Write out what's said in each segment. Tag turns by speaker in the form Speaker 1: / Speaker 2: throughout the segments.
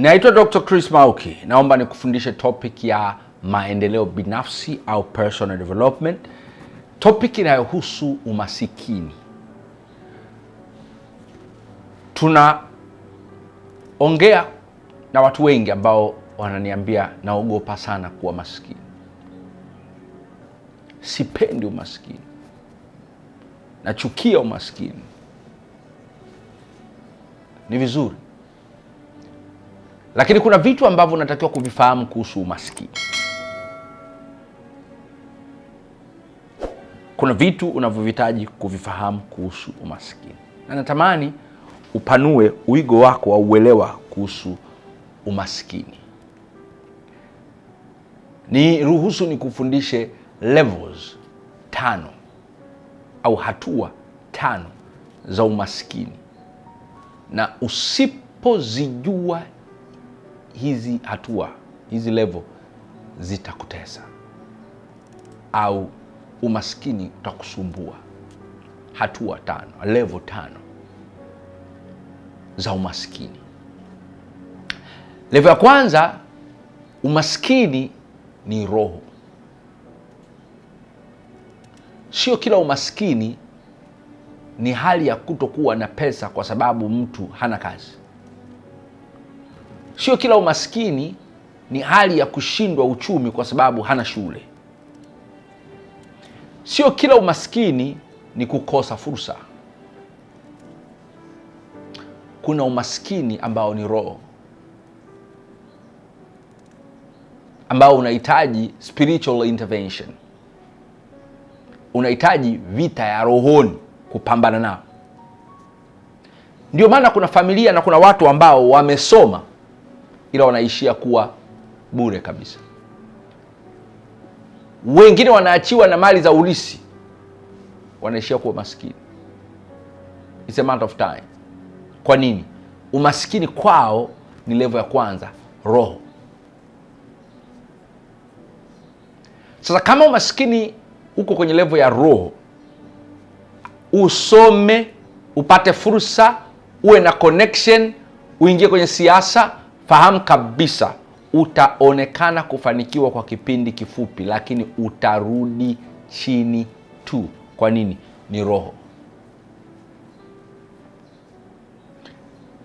Speaker 1: Naitwa Dr. Chris Mauki. Naomba nikufundishe topic ya maendeleo binafsi au personal development, topic inayohusu umasikini. Tunaongea na watu wengi ambao wananiambia naogopa sana kuwa maskini, sipendi umaskini, nachukia umaskini. Ni vizuri lakini kuna vitu ambavyo unatakiwa kuvifahamu kuhusu umaskini. Kuna vitu unavyohitaji kuvifahamu kuhusu umaskini, na natamani upanue uigo wako wa uelewa kuhusu umaskini. Ni ruhusu nikufundishe levels tano au hatua tano za umaskini, na usipozijua hizi hatua hizi level zitakutesa au umaskini utakusumbua. Hatua tano, level tano za umaskini. Level ya kwanza, umaskini ni roho. Sio kila umaskini ni hali ya kutokuwa na pesa kwa sababu mtu hana kazi. Sio kila umaskini ni hali ya kushindwa uchumi kwa sababu hana shule. Sio kila umaskini ni kukosa fursa. Kuna umaskini ambao ni roho, ambao unahitaji spiritual intervention, unahitaji vita ya rohoni kupambana nao. Ndio maana kuna familia na kuna watu ambao wamesoma ila wanaishia kuwa bure kabisa. Wengine wanaachiwa na mali za ulisi, wanaishia kuwa maskini. It's a matter of time. Kwa nini? Umaskini kwao ni levo ya kwanza, roho. Sasa kama umaskini uko kwenye levo ya roho, usome, upate fursa, uwe na connection, uingie kwenye siasa fahamu kabisa utaonekana kufanikiwa kwa kipindi kifupi, lakini utarudi chini tu. Kwa nini? Ni roho.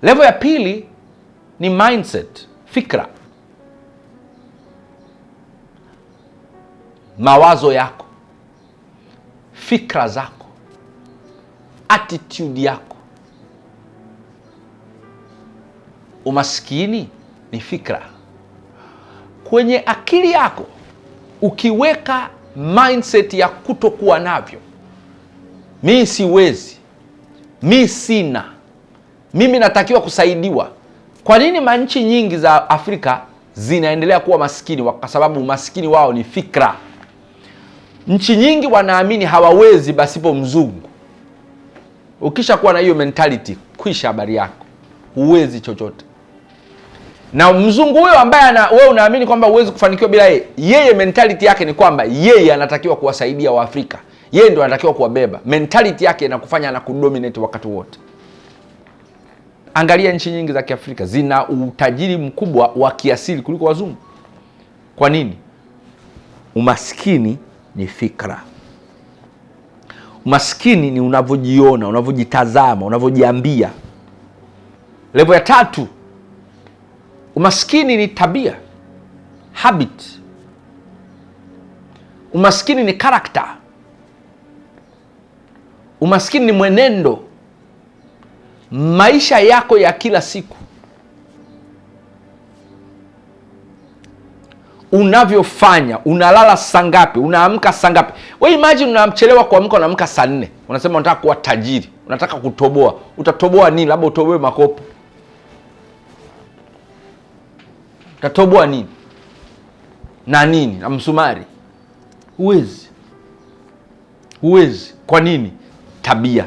Speaker 1: Levo ya pili ni mindset, fikra, mawazo yako, fikra zako, attitude yako Umaskini ni fikra. Kwenye akili yako ukiweka mindset ya kutokuwa navyo, mi siwezi, mi sina, mimi natakiwa kusaidiwa. Kwa nini manchi nyingi za Afrika zinaendelea kuwa maskini? Kwa sababu umaskini wao ni fikra. Nchi nyingi wanaamini hawawezi basipo mzungu. Ukishakuwa na hiyo mentality, kwisha habari yako, huwezi chochote na mzungu huyo ambaye wewe unaamini kwamba huwezi kufanikiwa bila yeye, yeye mentality yake ni kwamba yeye anatakiwa kuwasaidia Waafrika, yeye ndio anatakiwa kuwabeba. Mentality yake inakufanya anakudominate wakati wote. Angalia nchi nyingi za Kiafrika zina utajiri mkubwa wa kiasili kuliko wazungu. Kwa nini? Umaskini ni fikra. Umaskini ni unavyojiona, unavyojitazama, unavyojiambia. Levo ya tatu Umaskini ni tabia, habit. Umaskini ni karakta. Umaskini ni mwenendo, maisha yako ya kila siku, unavyofanya. Unalala saa ngapi? Unaamka saa ngapi? We imagine unamchelewa kuamka, unaamka saa nne, unasema unataka kuwa tajiri, unataka kutoboa. Utatoboa nini? Labda utoboe makopo Utatoboa nini na nini na msumari? Huwezi, huwezi. Kwa nini? Tabia.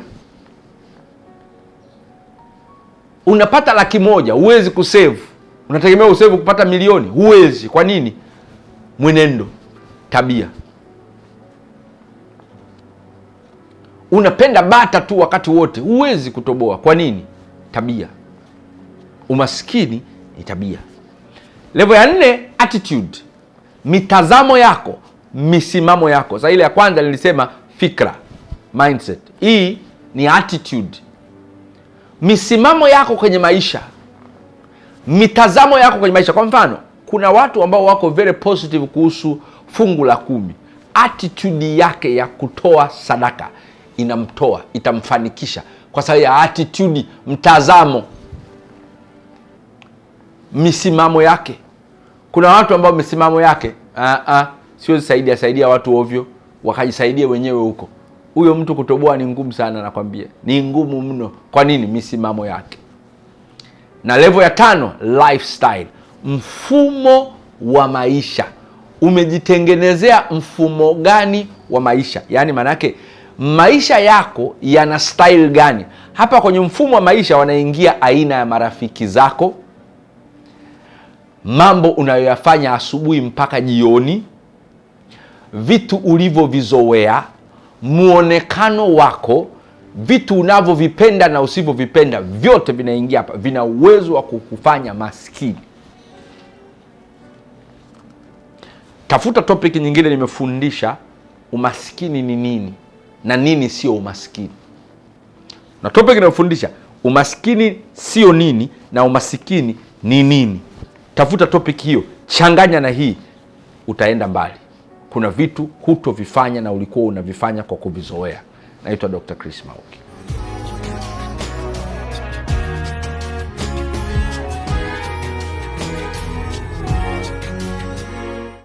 Speaker 1: Unapata laki moja, huwezi kusevu, unategemea usevu kupata milioni, huwezi. Kwa nini? Mwenendo, tabia. Unapenda bata tu wakati wote, huwezi kutoboa. Kwa nini? Tabia. Umaskini ni tabia. Levo ya nne, attitude, mitazamo yako, misimamo yako. sa ile ya kwanza nilisema fikra, mindset. Hii ni attitude, misimamo yako kwenye maisha, mitazamo yako kwenye maisha. Kwa mfano, kuna watu ambao wako very positive kuhusu fungu la kumi. Attitude yake ya kutoa sadaka inamtoa, itamfanikisha kwa sababu ya attitude, mtazamo, misimamo yake. Kuna watu ambao misimamo yake ah, ah sio saidia saidia watu ovyo, wakajisaidia wenyewe huko. Huyo mtu kutoboa ni ngumu sana, nakwambia ni ngumu mno. Kwa nini? Misimamo yake. Na levo ya tano, lifestyle, mfumo wa maisha. Umejitengenezea mfumo gani wa maisha? Yaani maana maisha yako yana style gani? Hapa kwenye mfumo wa maisha wanaingia aina ya marafiki zako mambo unayoyafanya asubuhi mpaka jioni, vitu ulivyovizoea, muonekano wako, vitu unavyovipenda na usivyovipenda, vyote vinaingia hapa, vina uwezo wa kukufanya maskini. Tafuta topic nyingine, nimefundisha umaskini ni nini na nini sio umaskini, na topic inayofundisha umaskini sio nini na umaskini ni nini tafuta topic hiyo, changanya na hii, utaenda mbali. Kuna vitu hutovifanya na ulikuwa unavifanya kwa kuvizoea. Naitwa Dr. Chris Mauki.